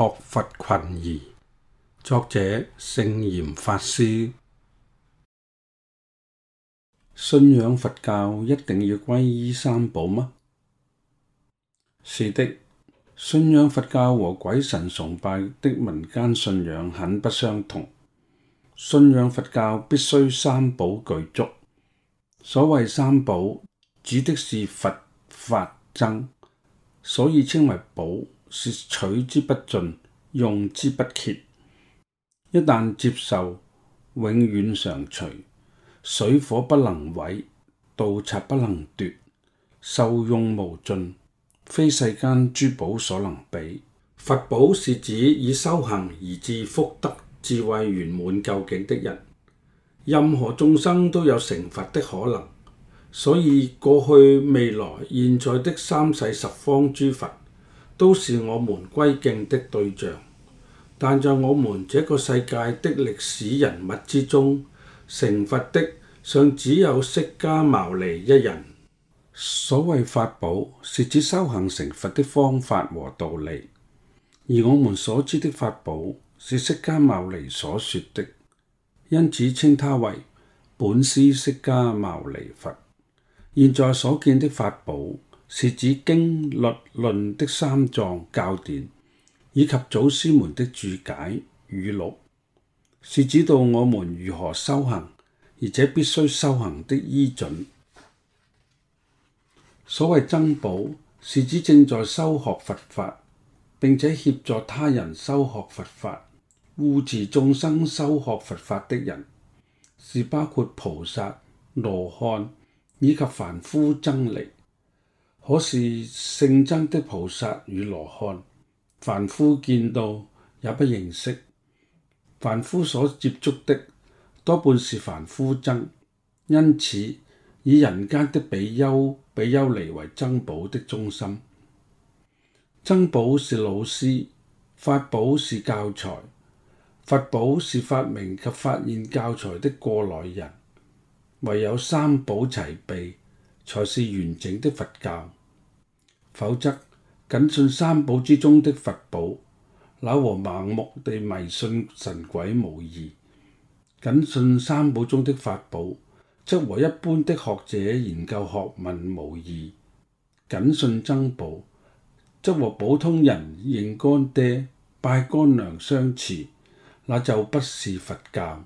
學佛群疑，作者聖嚴法師。信仰佛教一定要皈依三寶嗎？是的，信仰佛教和鬼神崇拜的民間信仰很不相同。信仰佛教必須三寶具足。所謂三寶，指的是佛法僧，所以稱為寶。是取之不盡，用之不竭。一旦接受，永遠常存，水火不能毀，盜賊不能奪，受用無盡，非世間珠寶所能比。佛寶是指以修行而致福德智慧圓滿究竟的人。任何眾生都有成佛的可能，所以過去、未來、現在的三世十方諸佛。都是我們歸敬的對象，但在我們這個世界的歷史人物之中，成佛的尚只有釋迦牟尼一人。所謂法寶，是指修行成佛的方法和道理，而我們所知的法寶是釋迦牟尼所說的，因此稱他為本師釋迦牟尼佛。現在所見的法寶，是指經律論的三藏教典，以及祖師們的注解語錄，是指導我們如何修行，而且必須修行的依準。所謂僧寶，是指正在修學佛法，並且協助他人修學佛法、護持眾生修學佛法的人，是包括菩薩、羅漢以及凡夫僧尼。可是聖僧的菩薩與羅漢，凡夫見到也不認識。凡夫所接觸的多半是凡夫僧，因此以人間的比丘、比丘尼為僧寶的中心。僧寶是老師，法寶是教材，佛寶是發明及發現教材的過來人。唯有三寶齊備，才是完整的佛教，否則僅信三寶之中的佛寶，那和盲目地迷信神鬼無異；僅信三寶中的法寶，則和一般的學者研究學問無異；僅信僧寶，則和普通人認乾爹、拜乾娘相似，那就不是佛教。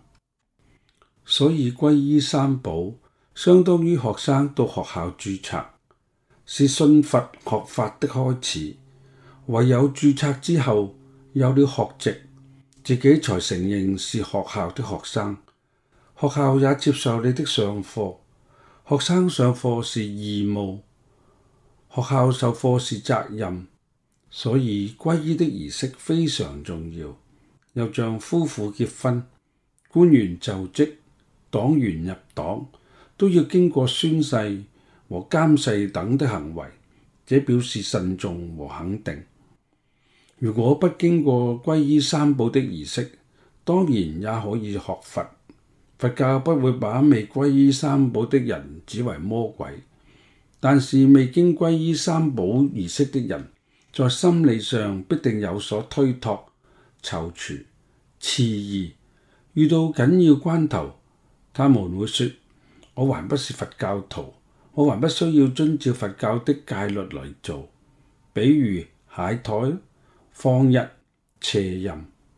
所以歸依三寶。相當於學生到學校註冊，是信佛學法的開始。唯有註冊之後，有了學籍，自己才承認是學校的學生，學校也接受你的上課。學生上課是義務，學校授課是責任，所以皈依的儀式非常重要。又像夫婦結婚、官員就職、黨員入黨。都要經過宣誓和監誓等的行為，這表示慎重和肯定。如果不經過皈依三寶的儀式，當然也可以學佛。佛教不會把未皈依三寶的人指為魔鬼，但是未經皈依三寶儀式的人，在心理上必定有所推託、躊躇、遲疑。遇到緊要關頭，他們會說。我還不是佛教徒，我還不需要遵照佛教的戒律嚟做，比如懈怠、放逸、邪淫、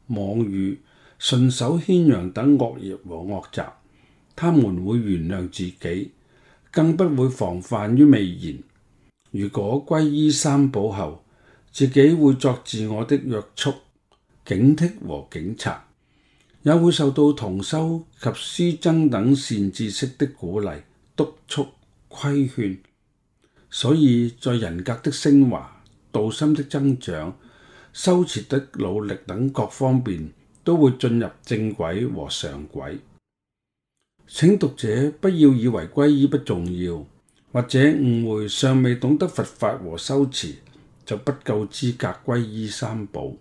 妄語、順手牽羊等惡業和惡習，他們會原諒自己，更不會防範於未然。如果皈依三寶後，自己會作自我的約束、警惕和警察。也會受到同修及師僧等善知識的鼓勵、督促、規勸，所以在人格的升華、道心的增長、修持的努力等各方面，都會進入正軌和上軌。請讀者不要以為皈依不重要，或者誤會尚未懂得佛法和修持就不夠資格皈依三寶。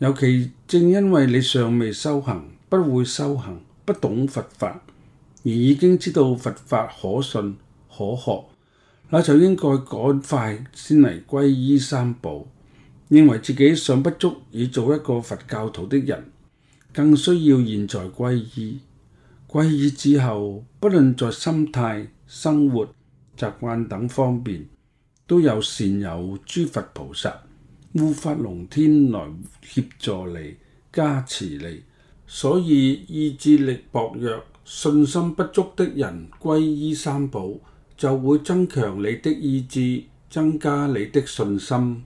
尤其正因為你尚未修行、不會修行、不懂佛法，而已經知道佛法可信可學，那就應該趕快先嚟皈依三寶。認為自己尚不足以做一個佛教徒的人，更需要現在皈依。皈依之後，不論在心態、生活、習慣等方面，都有善友諸佛菩薩。護法龍天來協助你、加持你，所以意志力薄弱、信心不足的人皈依三寶，就會增強你的意志，增加你的信心。